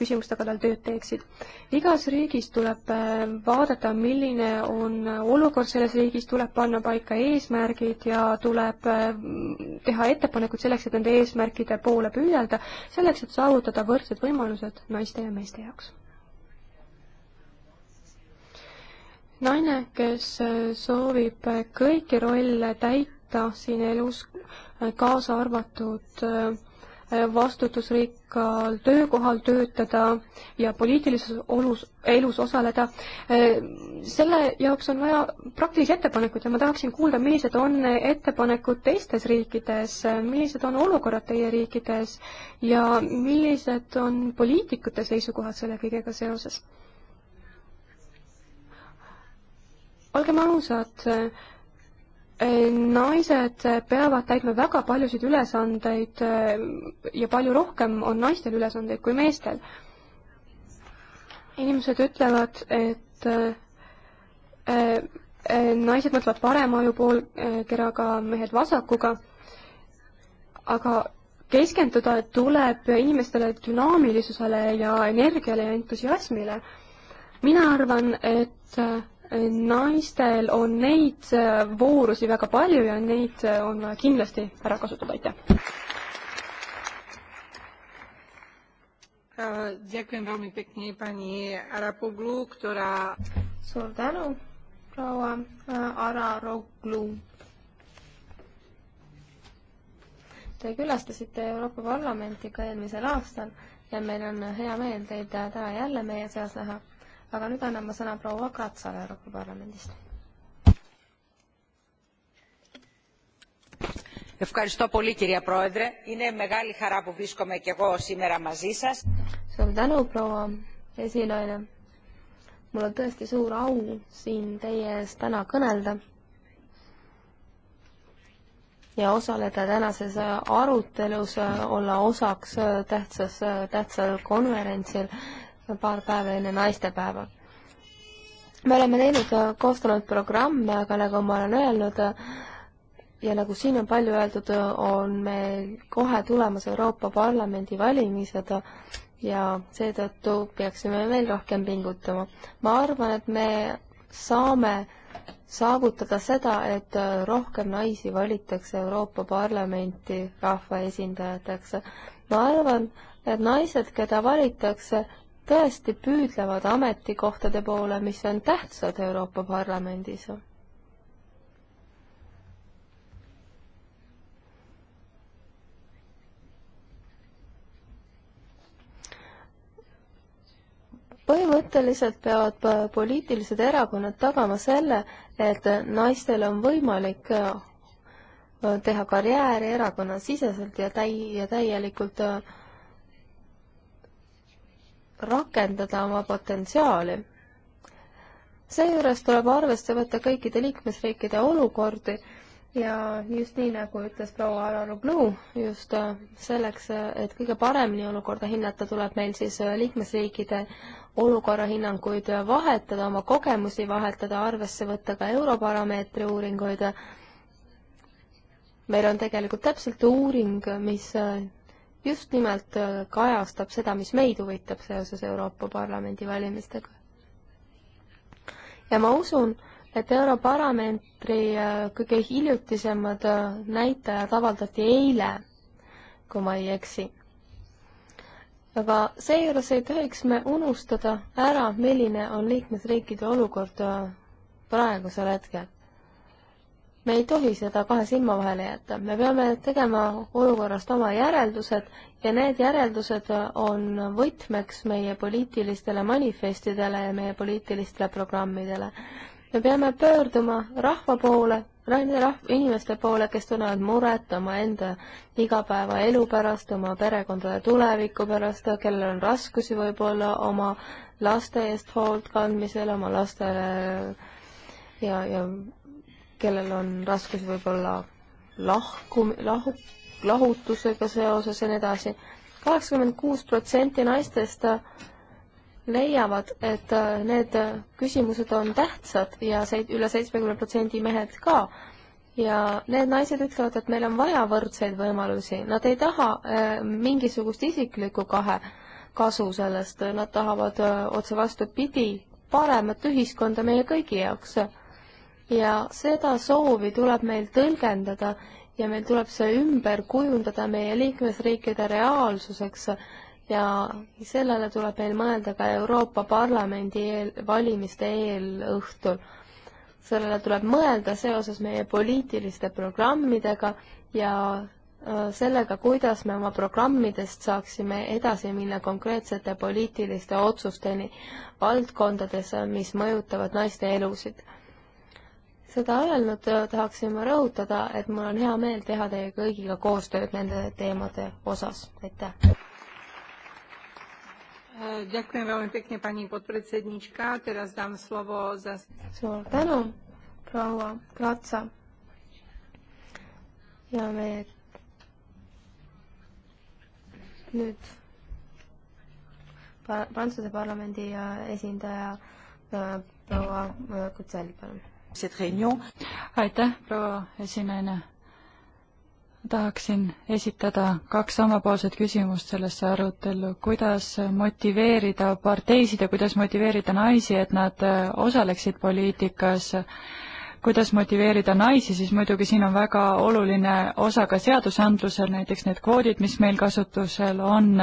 küsimuste kallal tööd teeksid. igas riigis tuleb äh, vaadata, milline on olukord selles riigis, tuleb panna paika eesmärgid ja tuleb äh, teha ettepanekud selleks, et nende eesmärkide poole püüelda, selleks, et saavutada võrdsed võimalused naiste ja meeste jaoks. naine, kes äh, soovib kõiki rolle täita siin elus, kaasa arvatud äh, vastutusrikkal töökohal töötada ja poliitilises olus, elus osaleda. selle jaoks on vaja praktilisi ettepanekuid ja ma tahaksin kuulda, millised on ettepanekud teistes riikides, millised on olukorrad teie riikides ja millised on poliitikute seisukohad selle kõigega seoses? olgem ausad, naised peavad täitma väga paljusid ülesandeid eh, ja palju rohkem on naistel ülesandeid kui meestel. inimesed ütlevad, et eh, eh, naised mõtlevad parema ajupoolkeraga, mehed vasakuga, aga keskenduda tuleb inimestele dünaamilisusele ja energiale ja entusiasmile. mina arvan, et naistel on neid äh, voorusi väga palju ja neid äh, on vaja kindlasti ära kasutada, aitäh. Äh, suur tänu, proua Araroglu. Te külastasite Euroopa Parlamenti ka eelmisel aastal ja meil on hea meel teid täna jälle meie seas näha aga nüüd annan ma sõna proua Kratsale Euroopa Parlamendist. Ευχαριστώ πολύ κυρία Πρόεδρε. Είναι μεγάλη χαρά που βρίσκομαι και εγώ σήμερα μαζί σας. Suur tänu, proua esinaine. Mul on tõesti suur au siin teie ees täna kõnelda ja osaleda tänases arutelus, olla osaks tähtsas, tähtsal konverentsil paar päeva enne naistepäeva. me oleme teinud, äh, koostanud programme, aga nagu ma olen öelnud, äh, ja nagu siin on palju öeldud, äh, on meil kohe tulemas Euroopa Parlamendi valimised ja seetõttu peaksime veel rohkem pingutama. ma arvan, et me saame saavutada seda, et rohkem naisi valitakse Euroopa Parlamenti rahvaesindajateks. ma arvan, et naised, keda valitakse, tõesti püüdlevad ametikohtade poole, mis on tähtsad Euroopa Parlamendis. põhimõtteliselt peavad poliitilised erakonnad tagama selle, et naistel on võimalik äh, teha karjääri erakonnasiseselt ja täi-, ja täielikult äh, rakendada oma potentsiaali. seejuures tuleb arvesse võtta kõikide liikmesriikide olukordi ja just nii, nagu ütles proua Alaroglu, just äh, selleks, äh, et kõige paremini olukorda hinnata, tuleb meil siis äh, liikmesriikide olukorrahinnanguid vahetada, oma kogemusi vahetada, arvesse võtta ka Europarameetri uuringuid. meil on tegelikult täpselt uuring, mis just nimelt äh, kajastab seda, mis meid huvitab seoses Euroopa Parlamendi valimistega. ja ma usun, et Europarlamentri äh, kõige hiljutisemad äh, näitajad avaldati eile, kui ma ei eksi. aga seejuures ei tohiks me unustada ära, milline on liikmesriikide olukord praegusel hetkel me ei tohi seda kahe silma vahele jätta, me peame tegema olukorrast oma järeldused ja need järeldused on võtmeks meie poliitilistele manifestidele ja meie poliitilistele programmidele. me peame pöörduma rahva poole, rahv-, inimeste poole, kes tunnevad muret omaenda igapäevaelu pärast, oma perekondade tuleviku pärast, kellel on raskusi võib-olla oma laste eest hoolt kandmisel, oma lastele ja, ja kellel on raskusi võib-olla lahku, lahu, lahutusega seoses ja nii edasi. kaheksakümmend kuus protsenti naistest leiavad, et äh, need küsimused on tähtsad ja see üle seitsmekümne protsendi mehed ka. ja need naised ütlevad, et meil on vaja võrdseid võimalusi, nad ei taha äh, mingisugust isiklikku kahe kasu sellest, nad tahavad äh, otse vastupidi paremat ühiskonda meie kõigi jaoks ja seda soovi tuleb meil tõlgendada ja meil tuleb see ümber kujundada meie liikmesriikide reaalsuseks ja sellele tuleb meil mõelda ka Euroopa Parlamendi eel, valimiste eelõhtul. sellele tuleb mõelda seoses meie poliitiliste programmidega ja äh, sellega, kuidas me oma programmidest saaksime edasi minna konkreetsete poliitiliste otsusteni valdkondades, mis mõjutavad naiste elusid seda öelnud, tahaksin ma rõhutada, et mul on hea meel teha teie kõigiga koostööd nende teemade osas, aitäh! suur tänu, proua Platsa! ja me nüüd par Prantsuse parlamendi esindaja äh, proua äh, Kutsel, palun! aitäh, proua esinaine. tahaksin esitada kaks omapoolset küsimust sellesse arutellu. kuidas motiveerida parteisid ja kuidas motiveerida naisi, et nad äh, osaleksid poliitikas? kuidas motiveerida naisi, siis muidugi siin on väga oluline osa ka seadusandlusel, näiteks need kvoodid, mis meil kasutusel on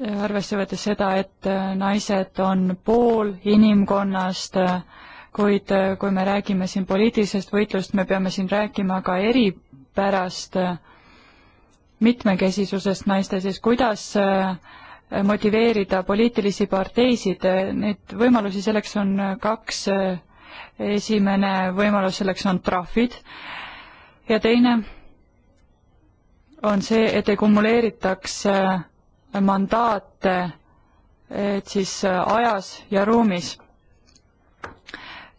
arvesse võttes seda, et äh, naised on pool inimkonnast, äh, kuid äh, kui me räägime siin poliitilisest võitlust, me peame siin rääkima ka eripärast, mitmekesisusest naiste sees, kuidas motiveerida poliitilisi parteisid, neid võimalusi selleks on kaks, esimene võimalus selleks on trahvid ja teine on see, et ei kumuleeritaks äh, mandaate, et siis äh, ajas ja ruumis.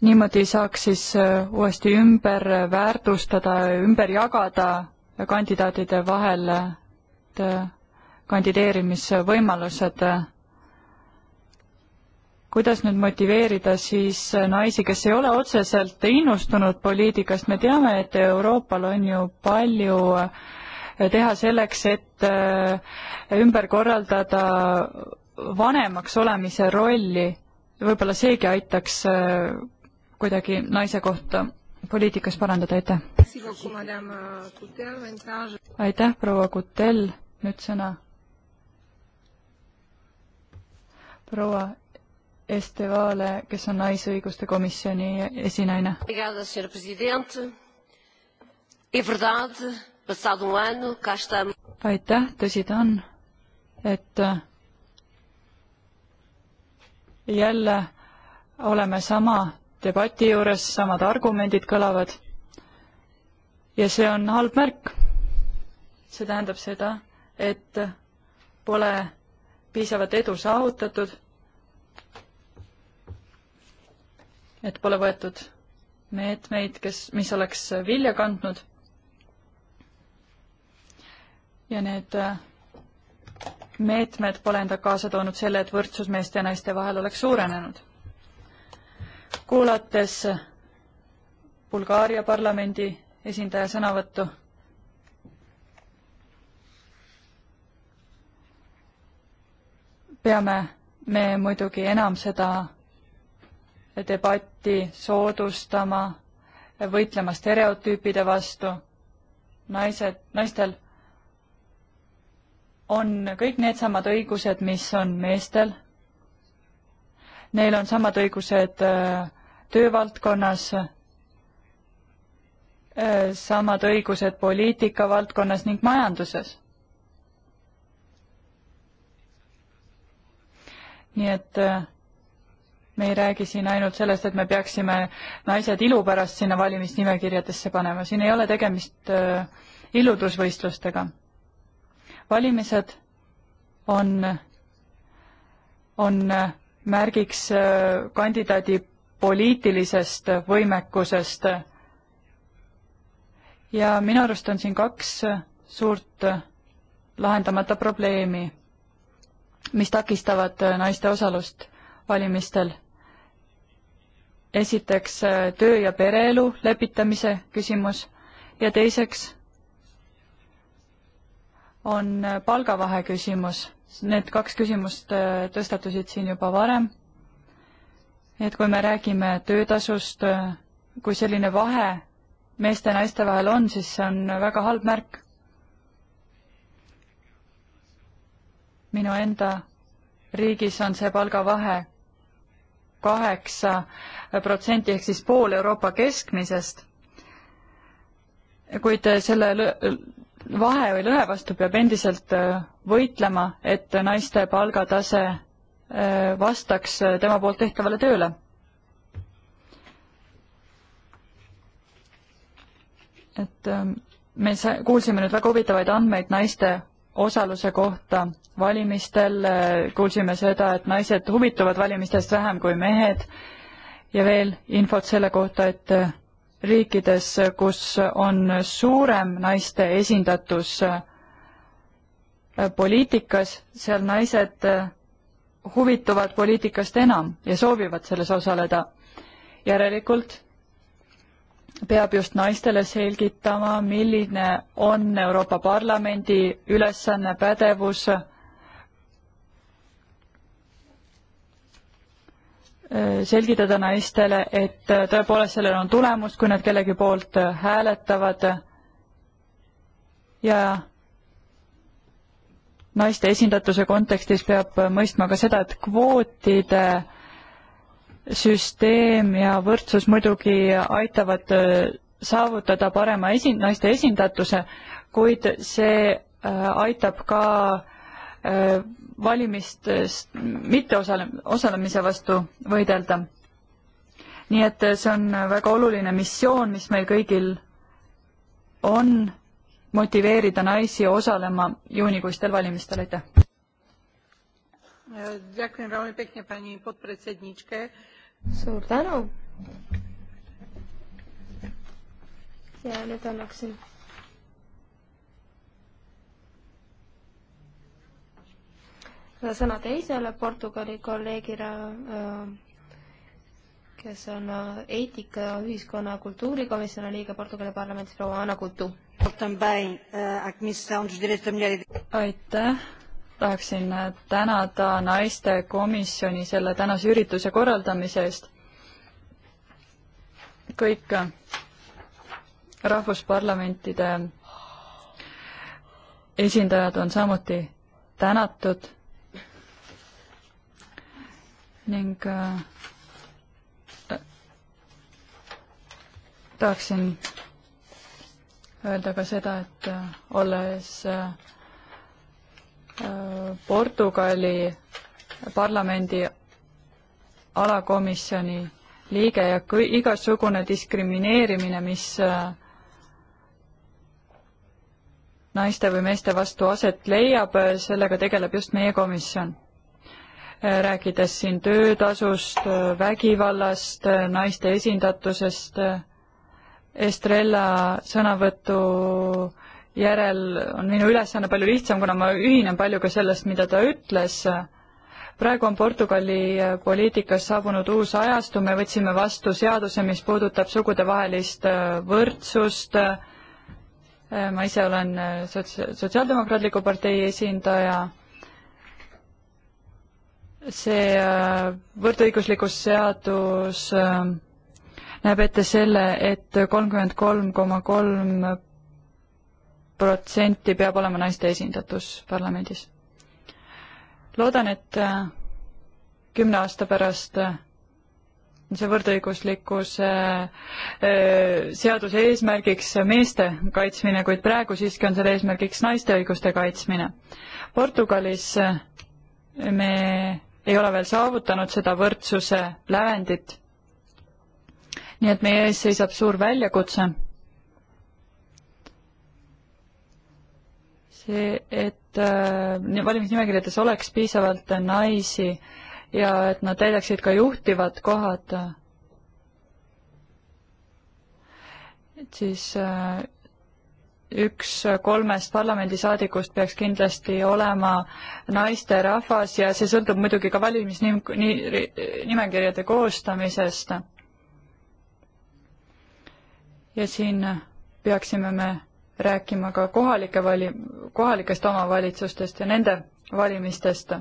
niimoodi saaks siis äh, uuesti ümber väärtustada, ümber jagada kandidaatide vahel äh, kandideerimisvõimalused kuidas nüüd motiveerida siis naisi, kes ei ole otseselt innustunud poliitikast, me teame, et Euroopal on ju palju teha selleks, et äh, ümber korraldada vanemaks olemise rolli, võib-olla seegi aitaks äh, kuidagi naise kohta poliitikas parandada, aitäh. aitäh, proua Kutel, nüüd sõna. proua Estevale, kes on Naisõiguste Komisjoni esinaine. Um aitäh, tõsi ta on, et jälle oleme sama debati juures, samad argumendid kõlavad. ja see on halb märk. see tähendab seda, et pole piisavat edu saavutatud, et pole võetud meetmeid, kes, mis oleks vilja kandnud ja need äh, meetmed pole enda kaasa toonud selle, et võrdsus meeste ja naiste vahel oleks suurenenud. kuulates äh, Bulgaaria parlamendi esindaja sõnavõttu, peame me muidugi enam seda debatti soodustama, võitlema stereotüüpide vastu. naised, naistel on kõik needsamad õigused, mis on meestel. Neil on samad õigused äh, töövaldkonnas, äh, samad õigused poliitika valdkonnas ning majanduses. nii et äh, me ei räägi siin ainult sellest, et me peaksime naised ilu pärast sinna valimisnimekirjadesse panema, siin ei ole tegemist illudusvõistlustega valimised on, on märgiks äh, kandidaadi poliitilisest võimekusest. ja minu arust on siin kaks suurt lahendamata probleemi, mis takistavad naiste osalust valimistel. esiteks äh, töö- ja pereelu lepitamise küsimus ja teiseks on palgavahe küsimus. Need kaks küsimust äh, tõstatusid siin juba varem. et kui me räägime töötasust, äh, kui selline vahe meeste ja naiste vahel on, siis see on väga halb märk. minu enda riigis on see palgavahe kaheksa protsenti ehk siis pool Euroopa keskmisest kuid selle vahe või lõhe vastu peab endiselt äh, võitlema, et naiste palgatase äh, vastaks äh, tema poolt tehtavale tööle. et ähm, me sa-, kuulsime nüüd väga huvitavaid andmeid naiste osaluse kohta valimistel, kuulsime seda, et naised huvituvad valimistest vähem kui mehed ja veel infot selle kohta, et riikides, kus on suurem naiste esindatus äh, poliitikas, seal naised äh, huvituvad poliitikast enam ja soovivad selles osaleda. järelikult peab just naistele selgitama, milline on Euroopa Parlamendi ülesanne, pädevus selgitada naistele, et äh, tõepoolest sellel on tulemus, kui nad kellegi poolt äh, hääletavad ja naiste esindatuse kontekstis peab äh, mõistma ka seda, et kvootide süsteem ja võrdsus muidugi aitavad saavutada parema esin-, naiste esindatuse, kuid see aitab ka valimistest mitteosale, osalemise vastu võidelda. nii et see on väga oluline missioon, mis meil kõigil on, motiveerida naisi osalema juunikuistel valimistel, aitäh! suur tänu! ja nüüd annaksin sõna teisele Portugali kolleegile, äh, kes on äh, eetika, ühiskonna, kultuurikomisjoni liige Portugali parlamendis, proua Anna Kutu. Äh, e aitäh, tahaksin tänada naistekomisjoni selle tänase ürituse korraldamise eest. kõik rahvusparlamentide esindajad on samuti tänatud ning äh, tahaksin öelda ka seda, et äh, olles äh, Portugali parlamendi alakomisjoni liige ja kui igasugune diskrimineerimine, mis naiste või meeste vastu aset leiab, sellega tegeleb just meie komisjon rääkides siin töötasust, vägivallast, naiste esindatusest. Estrella sõnavõtu järel on minu ülesanne palju lihtsam, kuna ma ühinen paljuga sellest, mida ta ütles. praegu on Portugali poliitikas saabunud uus ajastu, me võtsime vastu seaduse, mis puudutab sugudevahelist võrdsust, ma ise olen sots-, Sotsiaaldemokraatliku partei esindaja see äh, võrdõiguslikkus seadus äh, näeb ette selle et, et kolmkümmend kolm koma kolm protsenti peab olema naiste esindatus parlamendis. loodan, et äh, kümne aasta pärast see võrdõiguslikkuse seaduse eesmärgiks meeste kaitsmine, kuid praegu siiski on selle eesmärgiks naiste õiguste kaitsmine. Portugalis me ei ole veel saavutanud seda võrdsuse lävendit. nii et meie ees seisab suur väljakutse. see, et äh, valimisnimekirjades oleks piisavalt naisi ja et nad täidaksid ka juhtivad kohad. et siis äh, üks kolmest parlamendisaadikust peaks kindlasti olema naisterahvas ja see sõltub muidugi ka valimisnimekirjade koostamisest. ja siin peaksime me rääkima ka kohalike vali-, kohalikest omavalitsustest ja nende valimistest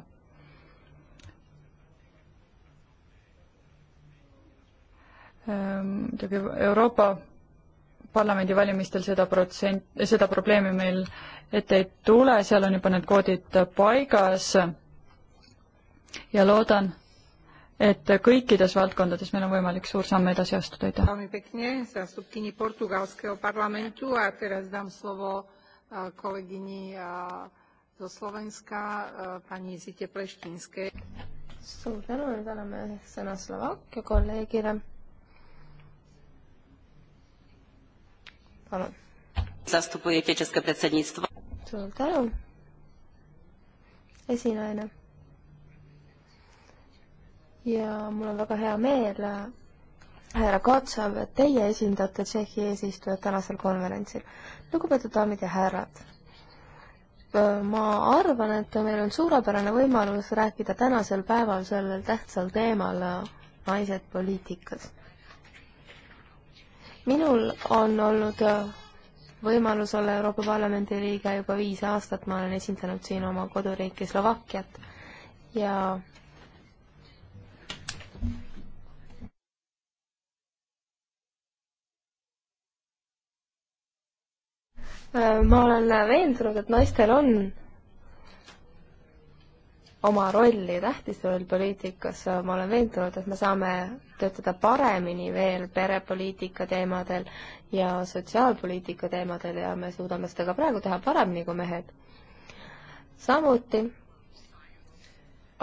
ehm, muidugi Euroopa parlamendivalimistel seda protsent, seda probleemi meil ette ei tule, seal on juba need koodid paigas ja loodan, et kõikides valdkondades meil on võimalik suur samm edasi astuda, aitäh! suur tänu, nüüd anname sõna Slovakkia kolleegile palun. suur tänu, esinaine. ja mul on väga hea meel, härra Kotšov, et teie esindate Tšehhi eesistujat tänasel konverentsil. lugupeetud daamid ja härrad ma arvan, et meil on suurepärane võimalus rääkida tänasel päeval sellel tähtsal teemal naised poliitikas minul on olnud äh, võimalus olla Euroopa Parlamendi liige juba viis aastat, ma olen esindanud siin oma koduriiki Slovakkiat ja äh, ma olen veendunud, et naistel on oma rolli tähtis roll poliitikas, ma olen veendunud, et me saame töötada paremini veel perepoliitika teemadel ja sotsiaalpoliitika teemadel ja me suudame seda ka praegu teha paremini kui mehed. samuti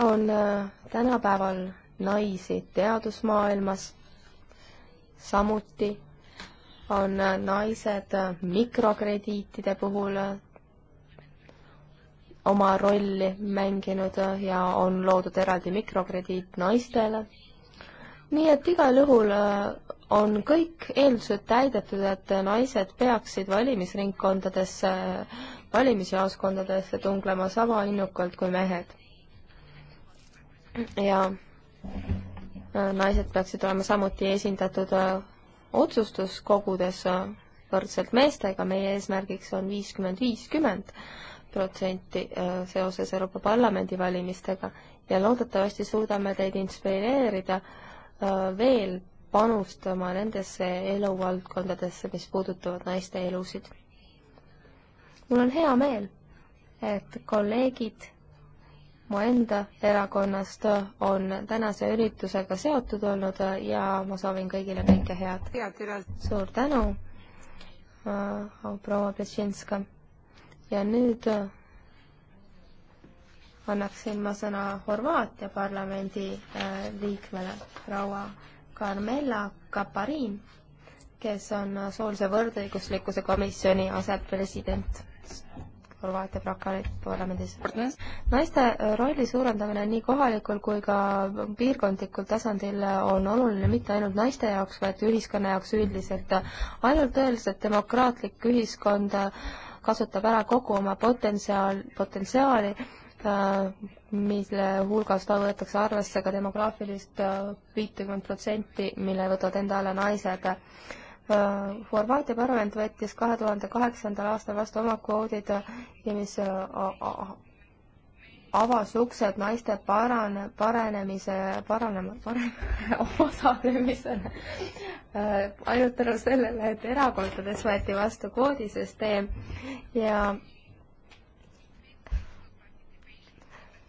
on äh, tänapäeval naisi teadusmaailmas, samuti on äh, naised äh, mikrokrediitide puhul oma rolli mänginud ja on loodud eraldi mikrokrediit naistele. nii et igal juhul äh, on kõik eeldused täidetud, et naised peaksid valimisringkondadesse, valimisjaoskondadesse tunglema sama innukalt kui mehed. ja äh, naised peaksid olema samuti esindatud äh, otsustuskogudes võrdselt meestega, meie eesmärgiks on viiskümmend viiskümmend protsenti äh, seoses Euroopa Parlamendi valimistega ja loodetavasti suudame teid inspireerida äh, veel panustama nendesse eluvaldkondadesse, mis puudutavad naiste elusid. mul on hea meel, et kolleegid mu enda erakonnast on tänase üritusega seotud olnud ja ma soovin kõigile kõike head. suur tänu, äh, proua Pletšinska ja nüüd äh, annaksin ma sõna Horvaatia parlamendi äh, liikmele, proua Carmela Kaparin, kes on soolise võrdõiguslikkuse komisjoni asepresident. Horvaatia parlamendis. naiste äh, rolli suurendamine nii kohalikul kui ka piirkondlikul tasandil on oluline mitte ainult naiste jaoks, vaid ühiskonna jaoks üldiselt. ainult tõeliselt demokraatlik ühiskond kasutab ära kogu oma potentsiaal, potentsiaali, äh, mille hulgas ta võetakse arvesse ka demograafilist äh, viitekümmet protsenti, mille võtavad enda alla naised. Äh, Horvaatia parlament võttis kahe tuhande kaheksandal aastal vastu oma kvoodid ja mis avas uksed naiste parane, paranemise, paranema, parem- osalemisele äh, ainult tänu sellele, et erakondades võeti vastu koodisüsteem ja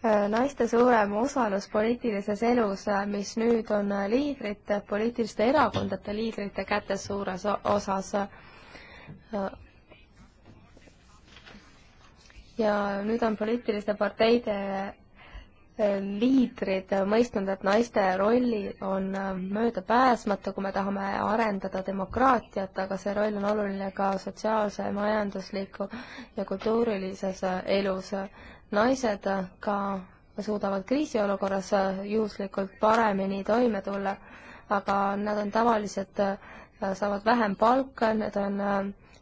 äh, naiste suurem osalus poliitilises elus, äh, mis nüüd on liidrite, poliitiliste erakondade liidrite kätes suures osas, ja nüüd on poliitiliste parteide äh, liidrid mõistnud, et naiste rolli on äh, möödapääsmatu, kui me tahame arendada demokraatiat, aga see roll on oluline ka sotsiaalse, majandusliku ja kultuurilises äh, elus. naised ka suudavad kriisiolukorras juhuslikult paremini toime tulla, aga nad on tavaliselt, saavad vähem palka, need on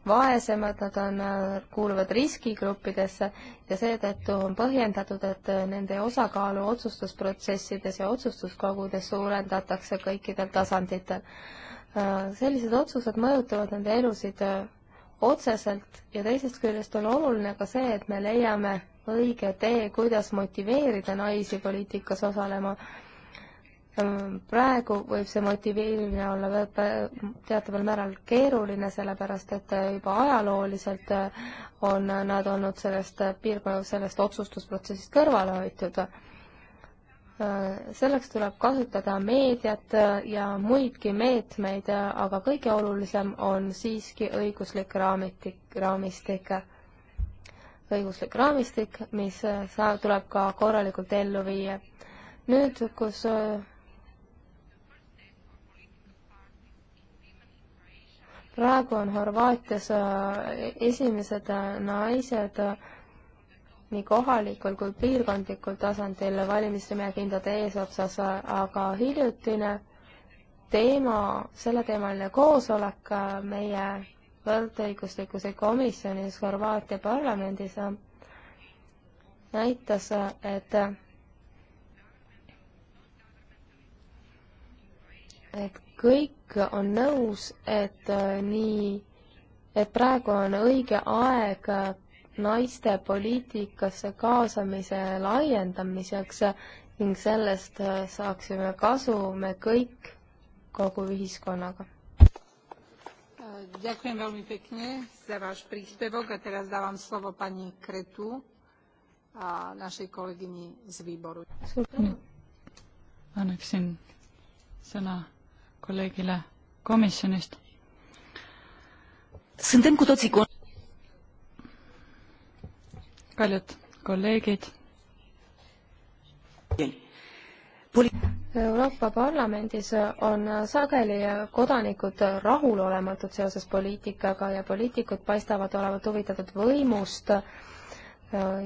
vaesemad, nad on, äh, kuuluvad riskigruppidesse ja seetõttu on põhjendatud, et äh, nende osakaalu otsustusprotsessides ja otsustuskogudes suurendatakse kõikidel tasanditel. Äh, sellised otsused mõjutavad nende elusid otseselt ja teisest küljest on oluline ka see, et me leiame õige tee, kuidas motiveerida naisi poliitikas osalema Ehm, praegu võib see motiveerimine olla teataval määral keeruline, sellepärast et äh, juba ajalooliselt äh, on nad olnud sellest äh, piirkonna, sellest otsustusprotsessist kõrvale hoitud. selleks tuleb kasutada meediat ja muidki meetmeid, aga kõige olulisem on siiski õiguslik raamitik, raamistik õiguslik raamistik, mis saab, tuleb ka korralikult ellu viia. nüüd, kus praegu on Horvaatias äh, esimesed äh, naised äh, nii kohalikul kui piirkondlikul tasandil valimisnimekindade eesotsas, aga hiljutine teema, selleteemaline koosolek meie võrdõiguslikkuse komisjonis Horvaatia parlamendis näitas, et et kõik on nõus, et äh, nii, et praegu on õige aeg naiste poliitikasse kaasamise laiendamiseks ning sellest äh, saaksime kasu me kõik kogu ühiskonnaga. Ďakujem veľmi pekne za váš príspevok a teraz dávam slovo pani Kretu, a našej kolegyni z výboru. Suur tänu. Annaksin sõna kolleegile komisjonist. paljud kolleegid. Euroopa Parlamendis on sageli kodanikud rahulolematud seoses poliitikaga ja poliitikud paistavad olevat huvitatud võimust äh,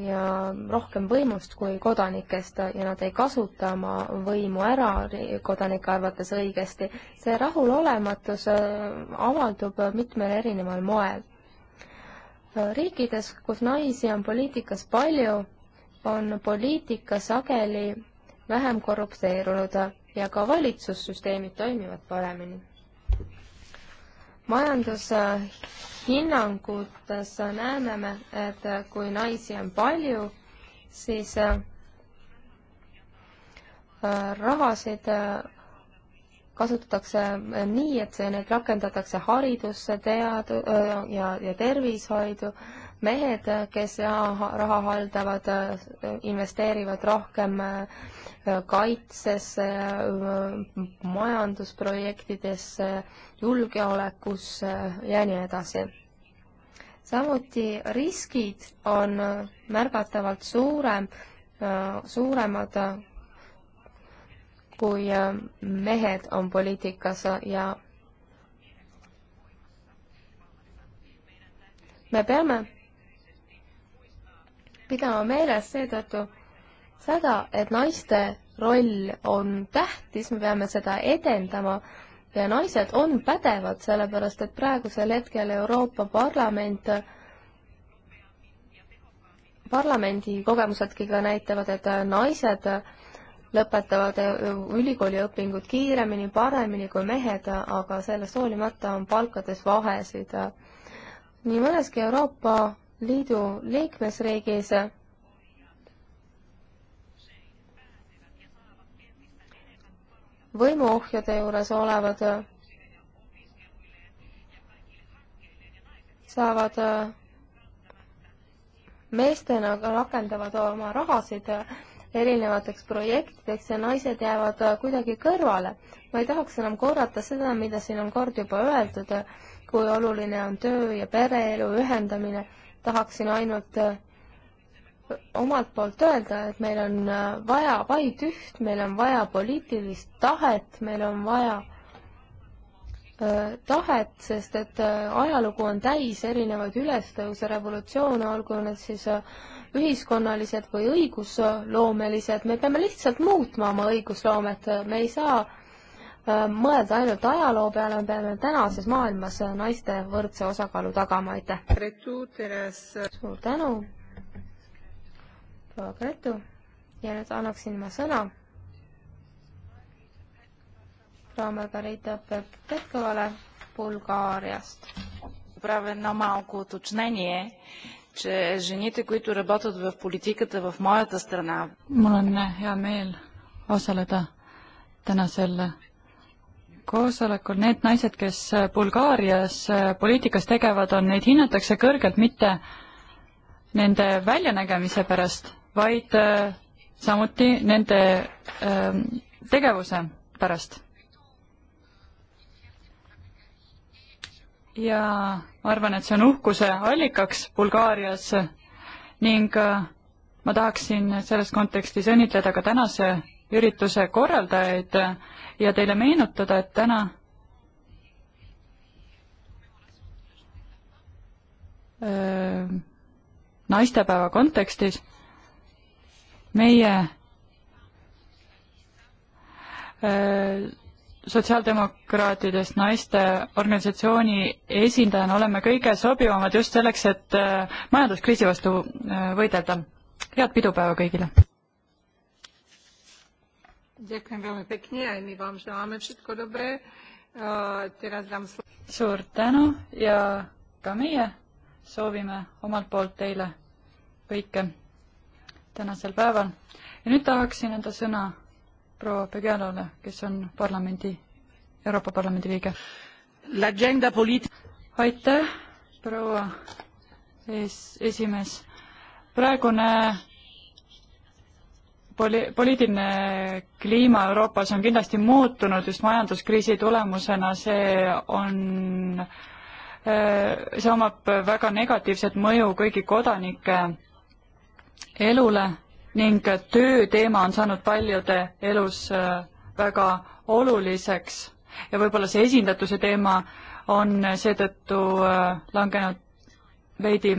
ja rohkem võimust kui kodanikest ja nad ei kasuta oma võimu ära kodanike arvates õigesti. see rahulolematus äh, avaldub mitmel erineval moel. Äh, riikides, kus naisi on poliitikas palju, on poliitika sageli vähem korrupteerunud ja ka valitsussüsteemid toimivad paremini majandushinnangutes näeme me, et kui naisi on palju, siis äh, rahasid äh, kasutatakse nii, et see, neid rakendatakse haridusse, tead- äh, ja, ja tervishoidu mehed, kes raha haldavad, investeerivad rohkem äh, kaitsesse, äh, majandusprojektidesse, julgeolekusse ja nii edasi. samuti riskid on äh, märgatavalt suurem, suuremad kui mehed on poliitikas ja me peame pidama meeles seetõttu seda, et naiste roll on tähtis, me peame seda edendama ja naised on pädevad, sellepärast et praegusel hetkel Euroopa Parlament, parlamendi kogemusedki ka näitavad, et naised lõpetavad ülikooliõpingud kiiremini, paremini kui mehed, aga sellest hoolimata on palkades vahesid. nii mõneski Euroopa Liidu liikmesriigis võimuohjade juures olevad saavad meestena rakendavad oma rahasid erinevateks projektideks ja naised jäävad kuidagi kõrvale. ma ei tahaks enam korrata seda, mida siin on kord juba öeldud, kui oluline on töö ja pereelu ühendamine tahaksin ainult äh, omalt poolt öelda, et meil on äh, vaja vaid üht, meil on vaja poliitilist tahet, meil on vaja äh, tahet, sest et ajalugu on täis erinevaid ülestõuse, revolutsioone, olgu need siis ühiskonnalised või õigusloomelised, me peame lihtsalt muutma oma õigusloomet, me ei saa mõelda ainult ajaloo peale, me peame tänases maailmas naiste võrdse osakaalu tagama, aitäh! suur tänu, proua Gretu, ja nüüd annaksin ma sõna proua Margarita Petkovale Bulgaariast. Правя едно малко уточнение, че жените, които работят в политиката в моята страна... Mul on hea meel osaleda tänasel koosolekul need naised, kes Bulgaarias äh, poliitikas tegevad on, neid hinnatakse kõrgelt mitte nende väljanägemise pärast, vaid äh, samuti nende ähm, tegevuse pärast. ja ma arvan, et see on uhkuse allikaks Bulgaarias ning äh, ma tahaksin selles kontekstis õnnitleda ka tänase ürituse korraldajaid ja teile meenutada, et täna naistepäeva kontekstis meie sotsiaaldemokraatidest naiste organisatsiooni esindajana oleme kõige sobivamad just selleks, et majanduskriisi vastu võidelda. head pidupäeva kõigile! Ďakujem veľmi pekne, aj my vám želáme všetko dobré. E, teraz dám slovo. Suur tänu ja ka meie soovime omalt poolt teile kõike tänasel päeval. ja nüüd tahaksin anda sõna proua Pegelole, kes on parlamendi, Euroopa Parlamendi liige. aitäh, proua ees, esimees. praegune poli-, poliitiline kliima Euroopas on kindlasti muutunud just majanduskriisi tulemusena, see on, äh, see omab väga negatiivset mõju kõigi kodanike elule ning tööteema on saanud paljude elus äh, väga oluliseks ja võib-olla see esindatuse teema on seetõttu äh, langenud veidi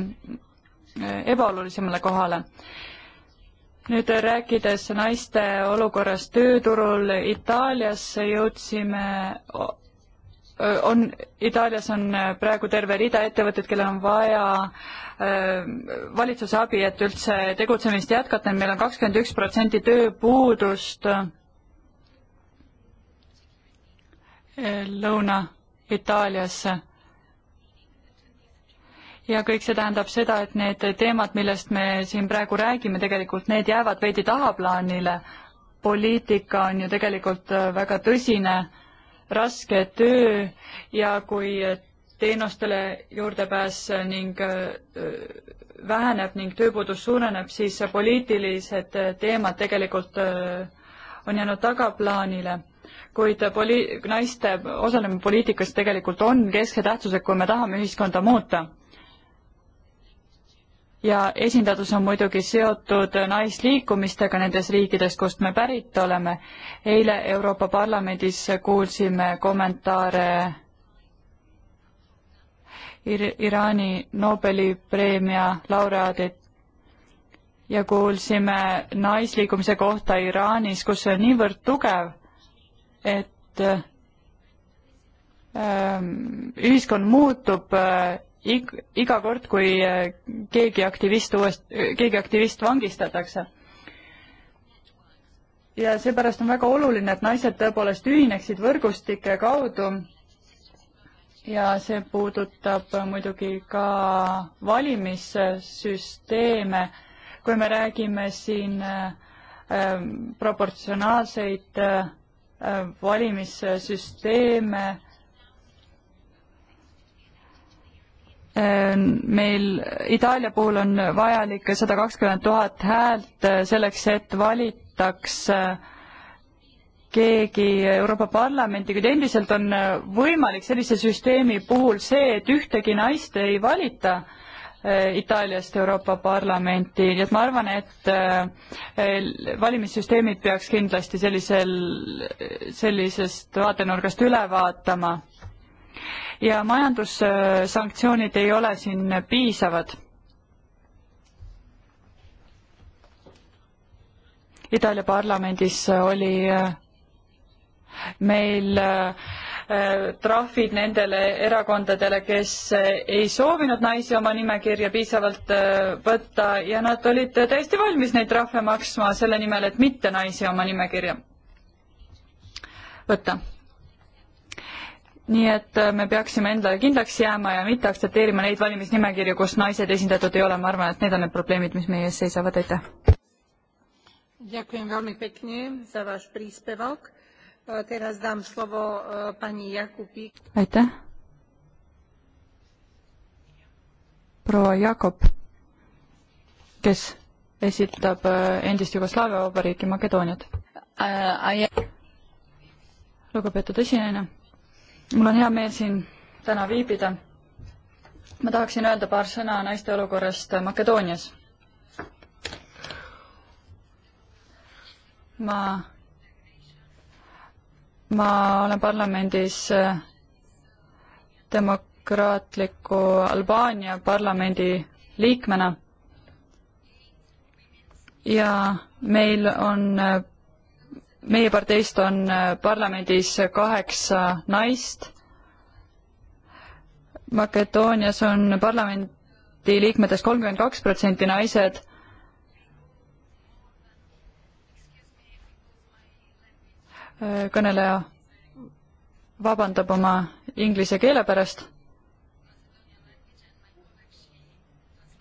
ebaolulisemale kohale nüüd rääkides naiste olukorrast tööturul Itaalias jõudsime, on, Itaalias on äh, praegu terve rida ettevõtteid, kellel on vaja äh, valitsuse abi, et üldse tegutsemist jätkata, meil on kakskümmend üks protsenti tööpuudust äh, Lõuna-Itaaliasse ja kõik see tähendab seda, et need teemad, millest me siin praegu räägime, tegelikult need jäävad veidi tahaplaanile. poliitika on ju tegelikult äh, väga tõsine, raske töö ja kui teenustele juurdepääs äh, ning äh, väheneb ning tööpuudus suureneb, siis poliitilised teemad tegelikult on jäänud tagaplaanile kuid poli-, naiste osalemine poliitikas tegelikult on keskse tähtsusega, kui me tahame ühiskonda muuta ja esindatus on muidugi seotud naisliikumistega nendes riikides, kust me pärit oleme. eile Euroopa Parlamendis kuulsime kommentaare Ir Iraani Nobeli preemia laureaadilt ja kuulsime naisliikumise kohta Iraanis, kus see on niivõrd tugev, et ähm, ühiskond muutub äh, ig-, iga kord, kui äh, keegi aktivist uuest, keegi aktivist vangistatakse. ja seepärast on väga oluline, et naised tõepoolest ühineksid võrgustike kaudu ja see puudutab muidugi ka valimissüsteeme, kui me räägime siin äh, proportsionaalseid äh, valimissüsteeme äh,, Ehm, meil Itaalia puhul on vajalik sada kakskümmend tuhat häält eh, selleks, et valitaks eh, keegi Euroopa Parlamenti, kuid endiselt on eh, võimalik sellise süsteemi puhul see, et ühtegi naist ei valita Itaaliast Euroopa Parlamenti, nii et ma arvan, et valimissüsteemid peaks kindlasti sellisel, sellisest vaatenurgast üle vaatama ja majandussanktsioonid ei ole siin piisavad. Itaalia parlamendis oli meil äh, trahvid nendele erakondadele, kes ei soovinud naisi oma nimekirja piisavalt äh, võtta ja nad olid täiesti valmis neid trahve maksma selle nimel, et mitte naisi oma nimekirja võtta nii et äh, me peaksime endale kindlaks jääma ja mitte aktsepteerima neid valimisnimekirju, kus naised esindatud ei ole, ma arvan, et need on need probleemid, mis meie ees seisavad, aitäh. Äh, äh, aitäh. proua Jakob, kes esitab endist Jugoslaavia vabariiki Makedooniat. lugupeetud esineja mul on hea meel siin täna viibida. ma tahaksin öelda paar sõna naiste olukorrast Makedoonias. ma, ma olen parlamendis eh, demokraatliku Albaania parlamendi liikmena ja meil on eh, meie parteist on äh, parlamendis kaheksa naist. Makedoonias on parlamendi liikmetest kolmkümmend kaks protsenti naised äh, kõneleja vabandab oma inglise keele pärast.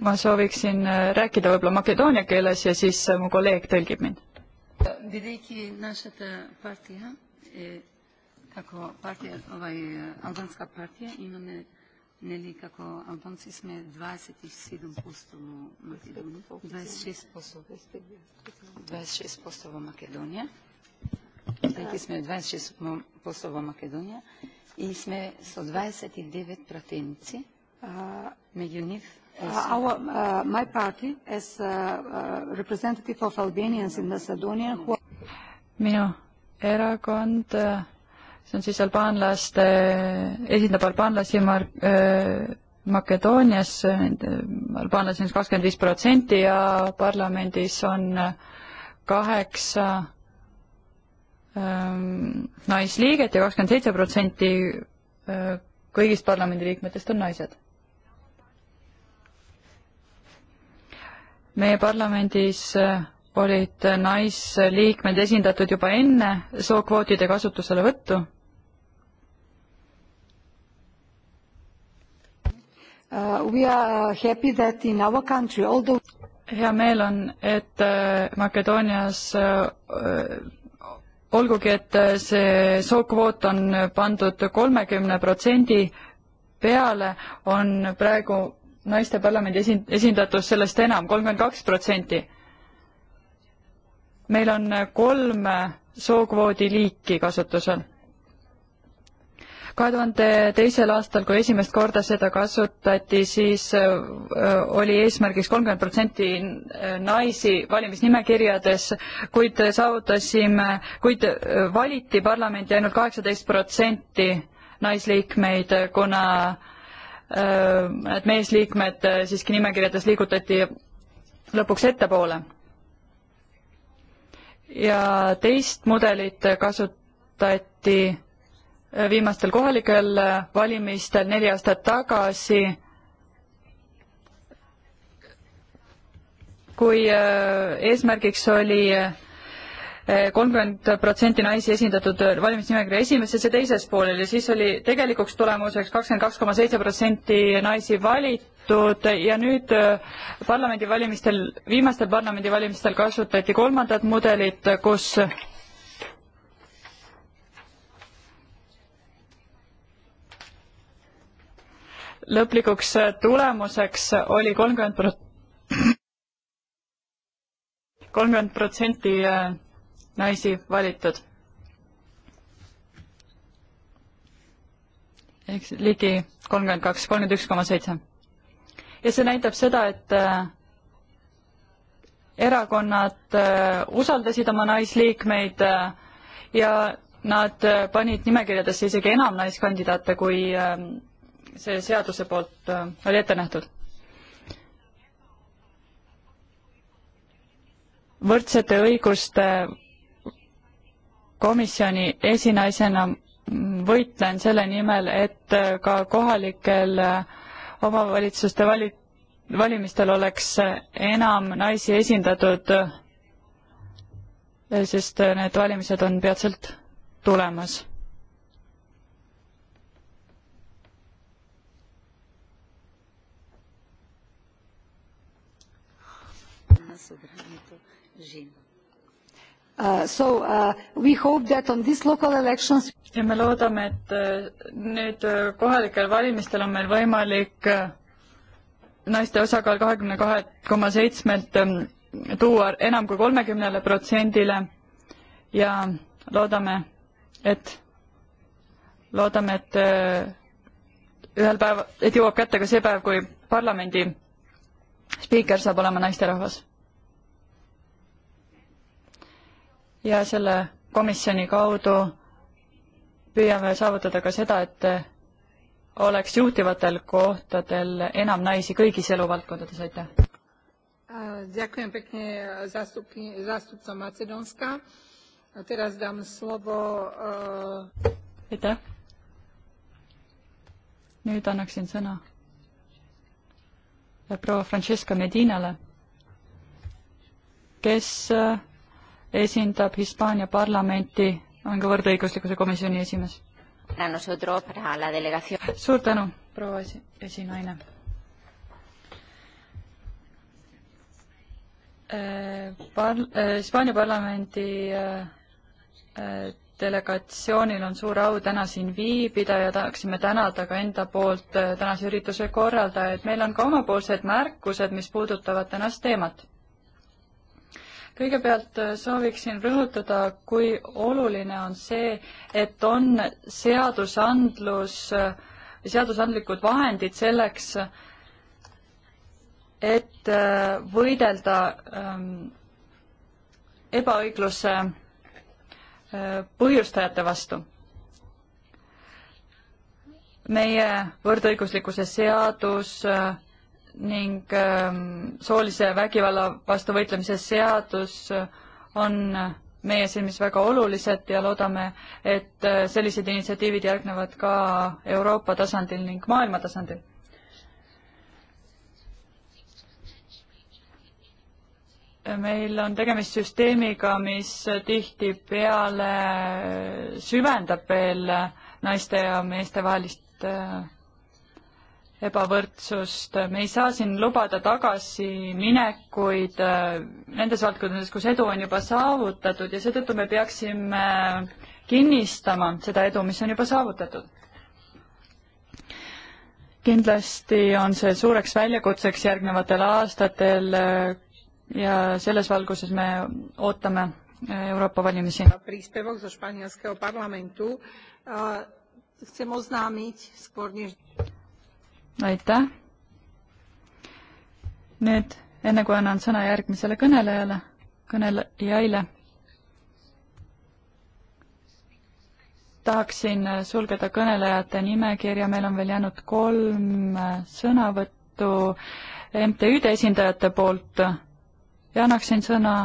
ma sooviksin äh, rääkida võib-olla makedoonia keeles ja siis mu kolleeg tõlgib mind Vidiki našata partija, e, kako partija, ovaj, albanska partija, imame Нели, како албанци сме 27% во Македонија, 26% 26% во Македонија, Таки сме 26% во Македонија и сме со 29 пратеници, меѓу нив Uh, our, uh, my party as uh, uh, representative of Albanians in Macedonia who minu erakond, uh, see on siis albaanlaste, esindab albaanlasi Mar- äh,, Makedoonias, albaanlasi on kakskümmend viis protsenti ja parlamendis on äh, kaheksa ähm, naisliiget ja kakskümmend seitse protsenti äh, kõigist parlamendiliikmetest on naised meie parlamendis äh, olid äh, naisliikmed esindatud juba enne sookvootide kasutuselevõttu. Uh, uh, hea meel on, et äh, Makedoonias olgugi, et see sookvoot on pandud kolmekümne protsendi peale, on praegu naiste parlamendi esin-, esindatus sellest enam, kolmkümmend kaks protsenti. meil on kolm sookvoodi liiki kasutusel. kahe tuhande teisel aastal, kui esimest korda seda kasutati, siis oli eesmärgiks kolmkümmend protsenti naisi valimisnimekirjades, kuid saavutasime, kuid valiti parlamenti ainult kaheksateist protsenti naisliikmeid, kuna äh, Äh, et meesliikmed äh, siiski nimekirjades liigutati lõpuks ettepoole. ja teist mudelit kasutati äh, viimastel kohalikel valimistel neli aastat tagasi, kui eesmärgiks oli kolmkümmend protsenti naisi esindatud valimisnimekirja esimeses ja teises poolel ja siis oli tegelikuks tulemuseks kakskümmend kaks koma seitse protsenti naisi valitud ja nüüd äh, parlamendivalimistel, viimastel parlamendivalimistel kasutati kolmandat mudelit, kus lõplikuks äh, tulemuseks oli kolmkümmend prot-, kolmkümmend protsenti äh, naisi valitud. ehk siis ligi kolmkümmend kaks, kolmkümmend üks koma seitse. ja see näitab seda, et äh, erakonnad äh, usaldasid oma naisliikmeid äh, ja nad panid nimekirjadesse isegi enam naiskandidaate, kui see seaduse poolt oli ette nähtud. võrdsete õiguste komisjoni esinaisena võitlen selle nimel, et äh, ka kohalikel äh, omavalitsuste vali-, valimistel oleks äh, enam naisi esindatud, sest need valimised on peatselt tulemas Uh, so uh, we hope that on these local elections ja me loodame, et uh, nüüd uh, kohalikel valimistel on meil võimalik uh, naiste osakaal kahekümne kahe koma seitsmelt um, tuua enam kui kolmekümnele protsendile ja loodame, et, loodame, et ühel päeval, et jõuab kätte ka see päev, kui parlamendi spiiker saab olema naisterahvas ja selle komisjoni kaudu püüame saavutada ka seda, et oleks juhtivatel kohtadel enam naisi kõigis eluvaldkondades, aitäh! Ďakujem pekne zástupky, zástupcom Macedónska. A teraz dám slovo... Uh... Aitäh! Nüüd annaksin sõna proua Francesca Medinale, kes uh, esindab Hispaania parlamenti, on ka võrdõiguslikkuse komisjoni esimees. suur tänu, proua esi-, esinaine. Äh, par-, äh, Hispaania parlamendi äh, delegatsioonil on suur au täna siin viibida ja tahaksime tänada ka enda poolt tänase ürituse korraldajaid. meil on ka omapoolsed märkused, mis puudutavad tänast teemat kõigepealt äh, sooviksin rõhutada, kui oluline on see, et on seadusandlus, äh, seadusandlikud vahendid selleks, et äh, võidelda ähm, ebaõigluse põhjustajate vastu. meie võrdõiguslikkuse seadus ning ähm, soolise vägivalla vastu võitlemise seadus äh, on meie silmis väga olulised ja loodame, et äh, sellised initsiatiivid järgnevad ka Euroopa tasandil ning maailma tasandil. meil on tegemist süsteemiga, mis tihtipeale äh, süvendab veel naiste ja meeste vahelist ebavõrdsust, me ei saa siin lubada tagasiminekuid äh, nendes valdkondades, kus edu on juba saavutatud ja seetõttu me peaksime kinnistama seda edu, mis on juba saavutatud. kindlasti on see suureks väljakutseks järgnevatel aastatel äh, ja selles valguses me ootame äh, Euroopa valimisi. príspevok zo španielského parlamentu. Chcem oznámiť skôr než aitäh. nüüd, enne kui annan sõna järgmisele kõnelejale, kõnelejaile, tahaksin sulgeda kõnelejate nimekirja, meil on veel jäänud kolm sõnavõttu MTÜ-de esindajate poolt ja annaksin sõna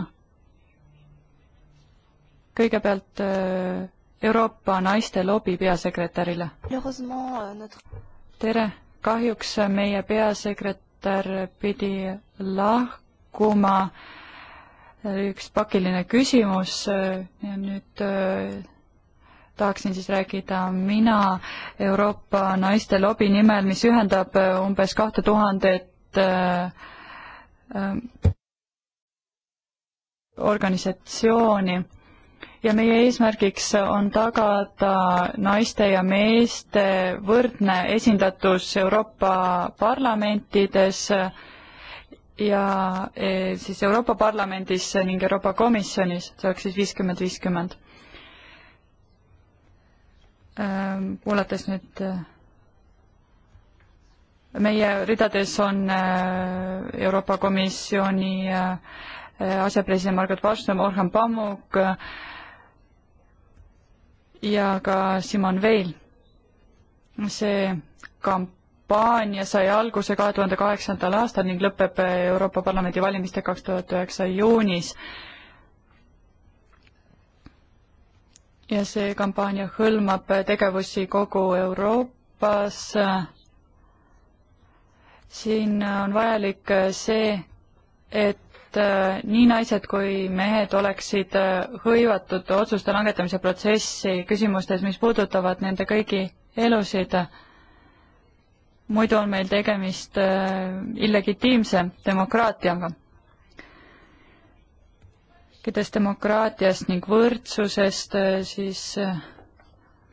kõigepealt äh, Euroopa naiste lobi peasekretärile. Euh, tere kahjuks meie peasekretär pidi lahkuma. üks pakiline küsimus ja nüüd äh, tahaksin siis rääkida mina Euroopa naiste lobi nimel, mis ühendab äh, umbes kahte tuhandet äh, organisatsiooni ja meie eesmärgiks on tagada naiste ja meeste võrdne esindatus Euroopa parlamentides ja e, siis Euroopa Parlamendis ning Euroopa Komisjonis, see oleks siis viiskümmend, viiskümmend. Ähm, kuulates nüüd äh, meie ridades on äh, Euroopa Komisjoni äh, asepresident Margaret Wallström, Orhan Pamuk, ja ka Simon Veil. see kampaania sai alguse kahe tuhande kaheksandal aastal ning lõpeb Euroopa Parlamendi valimistel kaks tuhat üheksa juunis. ja see kampaania hõlmab tegevusi kogu Euroopas. siin on vajalik see, et et äh, nii naised kui mehed oleksid äh, hõivatud otsuste langetamise protsessi küsimustes, mis puudutavad nende kõigi elusid. muidu on meil tegemist äh, illegitiimse demokraatiaga. rääkides demokraatiast ning võrdsusest, siis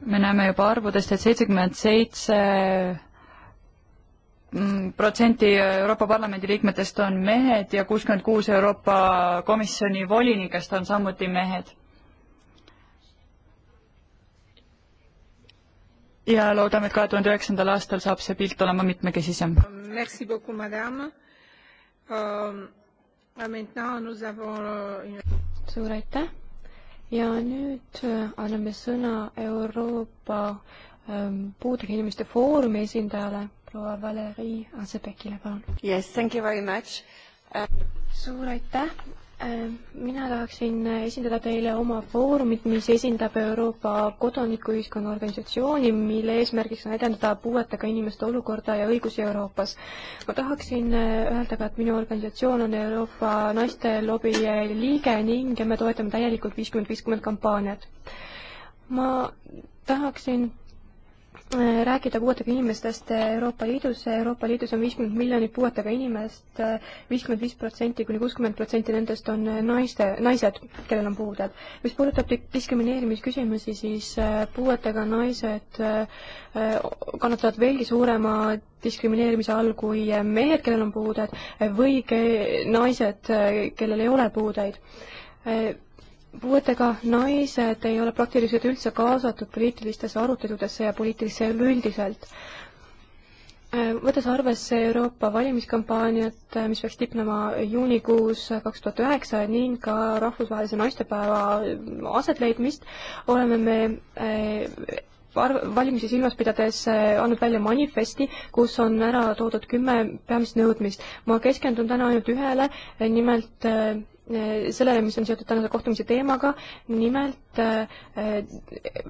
me näeme juba arvudest, et seitsekümmend seitse Mm, protsenti Euroopa Parlamendi liikmetest on mehed ja kuuskümmend kuus Euroopa Komisjoni volinikest on samuti mehed. ja loodame, et kahe tuhande üheksandal aastal saab see pilt olema mitmekesisem. Merci beaucoup, madame um,. suur aitäh ja nüüd äh, anname sõna Euroopa um, puudega inimeste foorumi esindajale proua Valerii Asepekile, palun. Yes, thank you very much uh.... suur aitäh ähm, mina tahaksin esindada teile oma foorumit, mis esindab Euroopa Kodanikuühiskonna Organisatsiooni, mille eesmärgiks on edendada puuetega inimeste olukorda ja õigusi Euroopas. ma tahaksin äh, öelda ka, et minu organisatsioon on Euroopa naistelobi liige ning me toetame täielikult viiskümmend viiskümmend kampaaniat. ma tahaksin rääkida puuetega inimestest Euroopa Liidus, Euroopa Liidus on viiskümmend miljonit puuetega inimest, viiskümmend viis protsenti kuni kuuskümmend protsenti nendest on naiste, naised, kellel on puuded. mis puudutab diskrimineerimisküsimusi, siis äh, puuetega naised äh, kannatavad veelgi suurema diskrimineerimise all kui äh, mehed, kellel on puuded, või naised, kellel ei ole puudeid puuetega naised ei ole praktiliselt üldse kaasatud poliitilistesse aruteludesse ja poliitilisse ellu üldiselt. Võttes arvesse Euroopa valimiskampaaniat, mis peaks tipnema juunikuus kaks tuhat üheksa ning ka rahvusvahelise naistepäeva asetleidmist, oleme me eh, valimisi silmas pidades eh, andnud välja manifesti, kus on ära toodud kümme peamist nõudmist. ma keskendun täna ainult ühele, eh, nimelt Äh, sellele, mis on seotud tänase kohtumise teemaga, nimelt äh,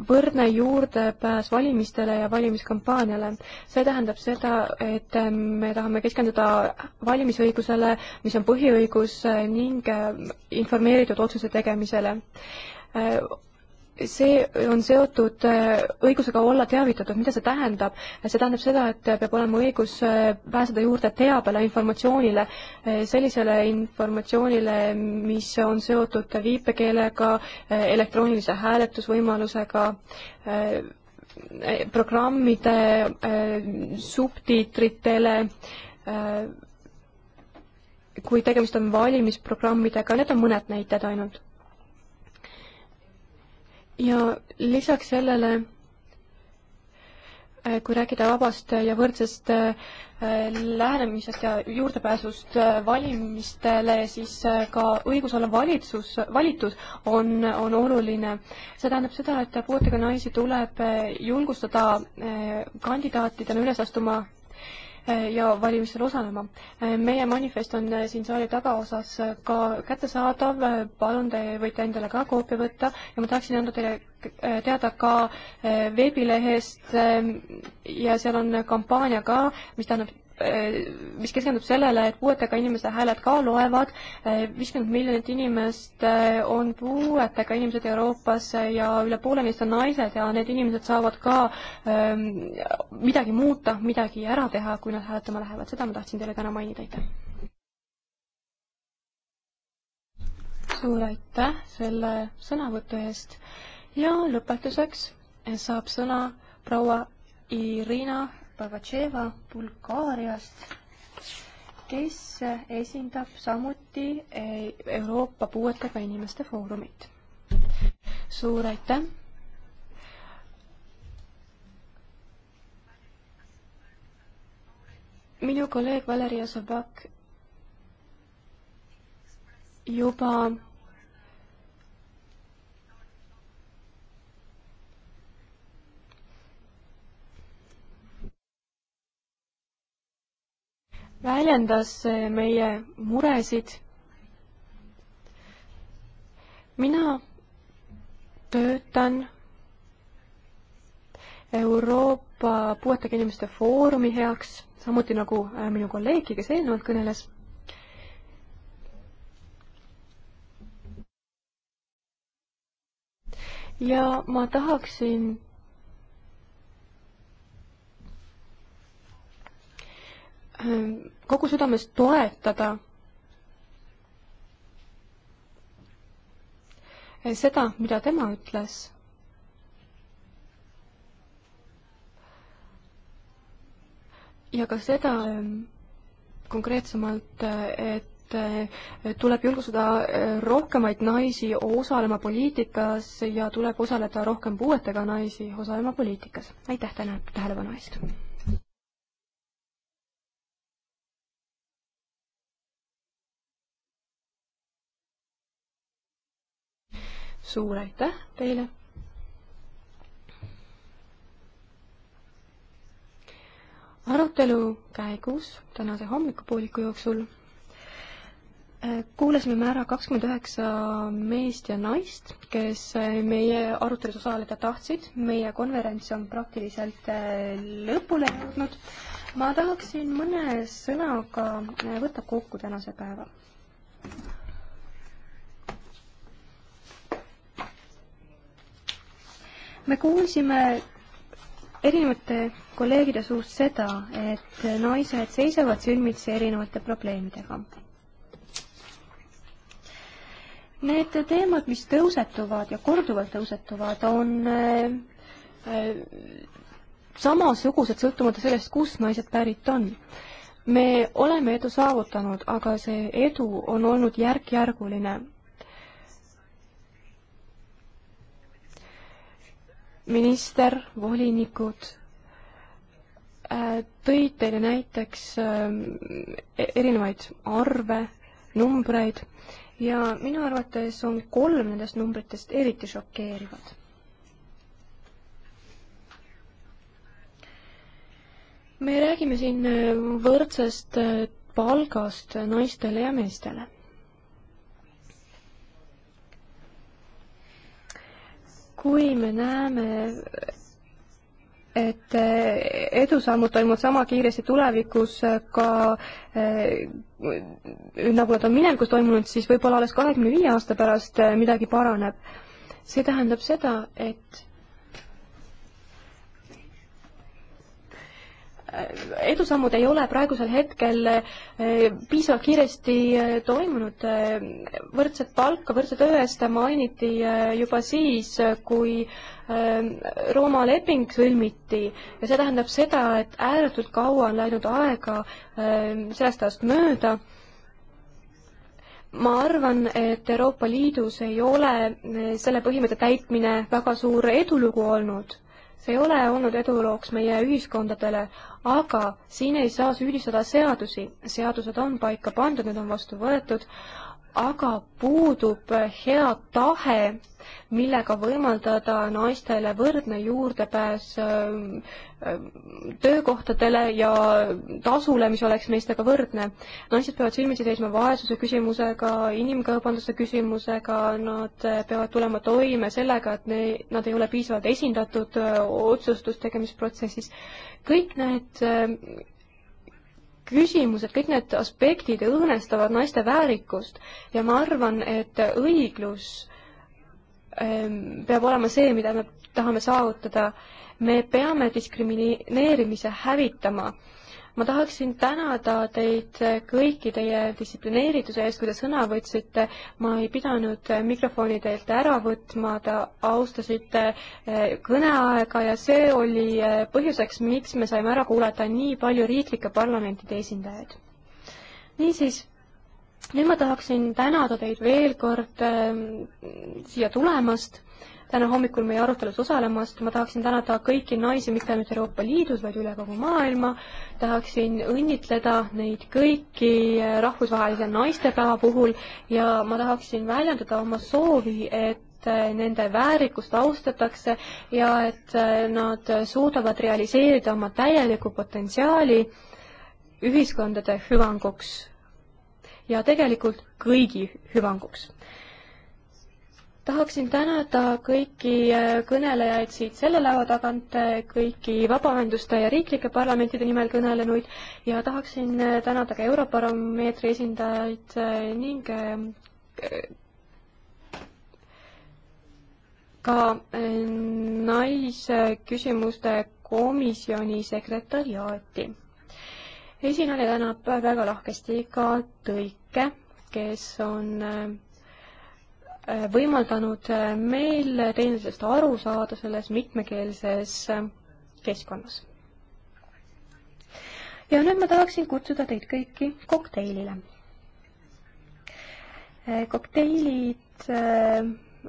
võrdne juurdepääs valimistele ja valimiskampaaniale. see tähendab seda, et äh, me tahame keskenduda valimisõigusele, mis on põhiõigus ning informeeritud otsuse tegemisele see on seotud äh, õigusega olla teavitatud, mida see tähendab? see tähendab seda, et peab olema õigus äh, pääseda juurde teabele, informatsioonile, äh, sellisele informatsioonile, mis on seotud viipekeelega, elektroonilise hääletusvõimalusega, programmide subtiitritele, kui tegemist on valimisprogrammidega, need on mõned näited ainult ja lisaks sellele, äh, kui rääkida vabast ja võrdsest äh, lähenemisest ja juurdepääsust äh, valimistele, siis ka õigus olla valitsus, valitud on, on oluline. see tähendab seda, et puuetega naisi tuleb julgustada kandidaatidena üles astuma ja valimistel osalema. meie manifest on siin saali tagaosas ka kättesaadav, palun, te võite endale ka koopia võtta ja ma tahaksin anda teile teada ka eh, veebilehest eh, ja seal on kampaania ka, mis tähendab Eh, mis keskendub sellele, et puuetega inimese hääled ka loevad. Eh, viiskümmend miljonit inimest eh, on puuetega inimesed Euroopas ja üle poole neist on naised ja need inimesed saavad ka ehm, midagi muuta, midagi ära teha, kui nad hääletama lähevad. seda ma tahtsin teile täna mainida, aitäh. suur aitäh selle sõnavõtu eest ja lõpetuseks saab sõna proua Irina Bagatševa Bulgaariast, kes esindab samuti eh, Euroopa Puuetega Inimeste Foorumit. suur aitäh! minu kolleeg Valeria Sobak juba väljendas eh, meie muresid. mina töötan Euroopa Puuetega Inimeste Foorumi heaks, samuti nagu eh, minu kolleegki, kes eelnevalt kõneles ja ma tahaksin kogu südamest toetada seda, mida tema ütles. ja ka seda ähm, konkreetsemalt, et äh, tuleb julgustada äh, rohkemaid naisi osalema poliitikas ja tuleb osaleda rohkem puuetega naisi osalema poliitikas. aitäh teile tähelepanu eest! suur aitäh teile. arutelu käigus tänase hommikupooliku jooksul äh, kuulasime me ära kakskümmend üheksa meest ja naist, kes äh, meie arutelus osaleda tahtsid. meie konverents on praktiliselt äh, lõpule jõudnud. ma tahaksin mõne sõnaga võtta kokku tänase päeva. me kuulsime erinevate kolleegide suust seda, et naised seisavad silmitsi erinevate probleemidega. Need teemad, mis tõusetuvad ja korduvalt tõusetuvad, on äh, samasugused, sõltumata sellest, kust naised pärit on. me oleme edu saavutanud, aga see edu on olnud järk-järguline minister, volinikud, äh, tõid teile näiteks äh, e-, erinevaid arve, numbreid ja minu arvates on kolm nendest numbritest eriti šokeerivad. me räägime siin äh, võrdsest palgast naistele ja meestele kui me näeme, et eh, edusammud toimuvad sama kiiresti tulevikus eh, ka eh, nagu nad on minevikus toimunud, siis võib-olla alles kahekümne viie aasta pärast eh, midagi paraneb. see tähendab seda, et edusammud ei ole praegusel hetkel eh, piisavalt kiiresti eh, toimunud. Eh, võrdset palka võrdse töö eest mainiti juba siis, kui Rooma leping sõlmiti ja see tähendab seda, et ääretult kaua on läinud aega sellest ajast mööda ma arvan, et Euroopa Liidus ei ole selle põhimõtte täitmine väga suur edulugu olnud see ei ole olnud edulooks meie ühiskondadele, aga siin ei saa süüdistada seadusi. seadused on paika pandud, need on vastu võetud, aga puudub hea tahe, millega võimaldada naistele võrdne juurdepääs äh, äh, töökohtadele ja tasule, mis oleks meestega võrdne. naised peavad silmitsi seisma vaesuse küsimusega, inimkaubanduse küsimusega, nad äh, peavad tulema toime sellega, et ne, nad ei ole piisavalt esindatud otsustustegemisprotsessis. kõik need küsimused, kõik need aspektid õõnestavad naiste väärikust ja ma arvan, et õiglus ähm, peab olema see, mida me tahame saavutada. me peame diskrimineerimise hävitama ma tahaksin tänada teid kõiki teie distsiplineerituse eest, kui te sõna võtsite. ma ei pidanud mikrofoni teilt ära võtma, te austasite eh, kõneaega ja see oli eh, põhjuseks, miks me saime ära kuulata nii palju riiklike parlamentide esindajaid. niisiis nüüd ma tahaksin tänada teid veel kord äh, siia tulemast täna hommikul meie arutelus osalemast, ma tahaksin tänada kõiki naisi mitte ainult Euroopa Liidus, vaid üle kogu maailma, tahaksin õnnitleda neid kõiki rahvusvahelise naistepäeva puhul ja ma tahaksin väljendada oma soovi, et nende väärikust austatakse ja et nad suudavad realiseerida oma täieliku potentsiaali ühiskondade hüvanguks ja tegelikult kõigi hüvanguks tahaksin tänada kõiki äh, kõnelejaid siit selle laua tagant, äh, kõiki vabaühenduste ja riiklike parlamentide nimel kõnelenuid ja tahaksin äh, tänada ka Eurobaromeetri esindajaid ning ka naisküsimuste komisjoni sekretariaati. esinaine tänab väga lahkesti ka tõlke, kes on võimaldanud äh, meil teineteisest aru saada selles mitmekeelses äh, keskkonnas. ja nüüd ma tahaksin kutsuda teid kõiki kokteilile. Äh, kokteilid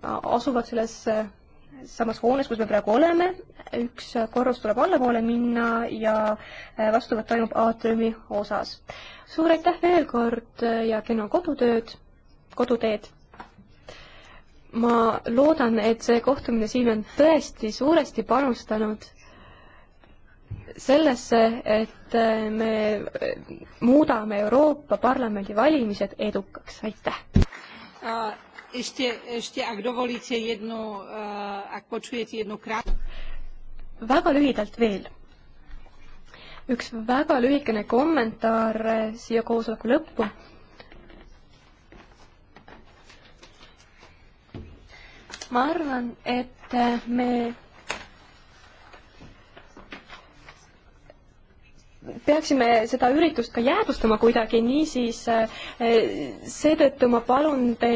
asuvad selles samas hoones, kus me praegu oleme, üks korrus tuleb allapoole minna ja vastuvõtt toimub aatriumi osas. suur aitäh veel kord ja kena kodutööd, koduteed ma loodan, et see kohtumine siin on tõesti suuresti panustanud sellesse, et äh, me äh, muudame Euroopa Parlamendi valimised edukaks, aitäh! Äh, ešte, ešte, ak dovolíte jednu, ak počujete jednu krát... Väga lühidalt veel. Üks väga lühikene kommentaar siia koosoleku lõppu ma arvan, et äh, me peaksime seda üritust ka jäädvustama kuidagi, niisiis äh, äh, seetõttu ma palun teid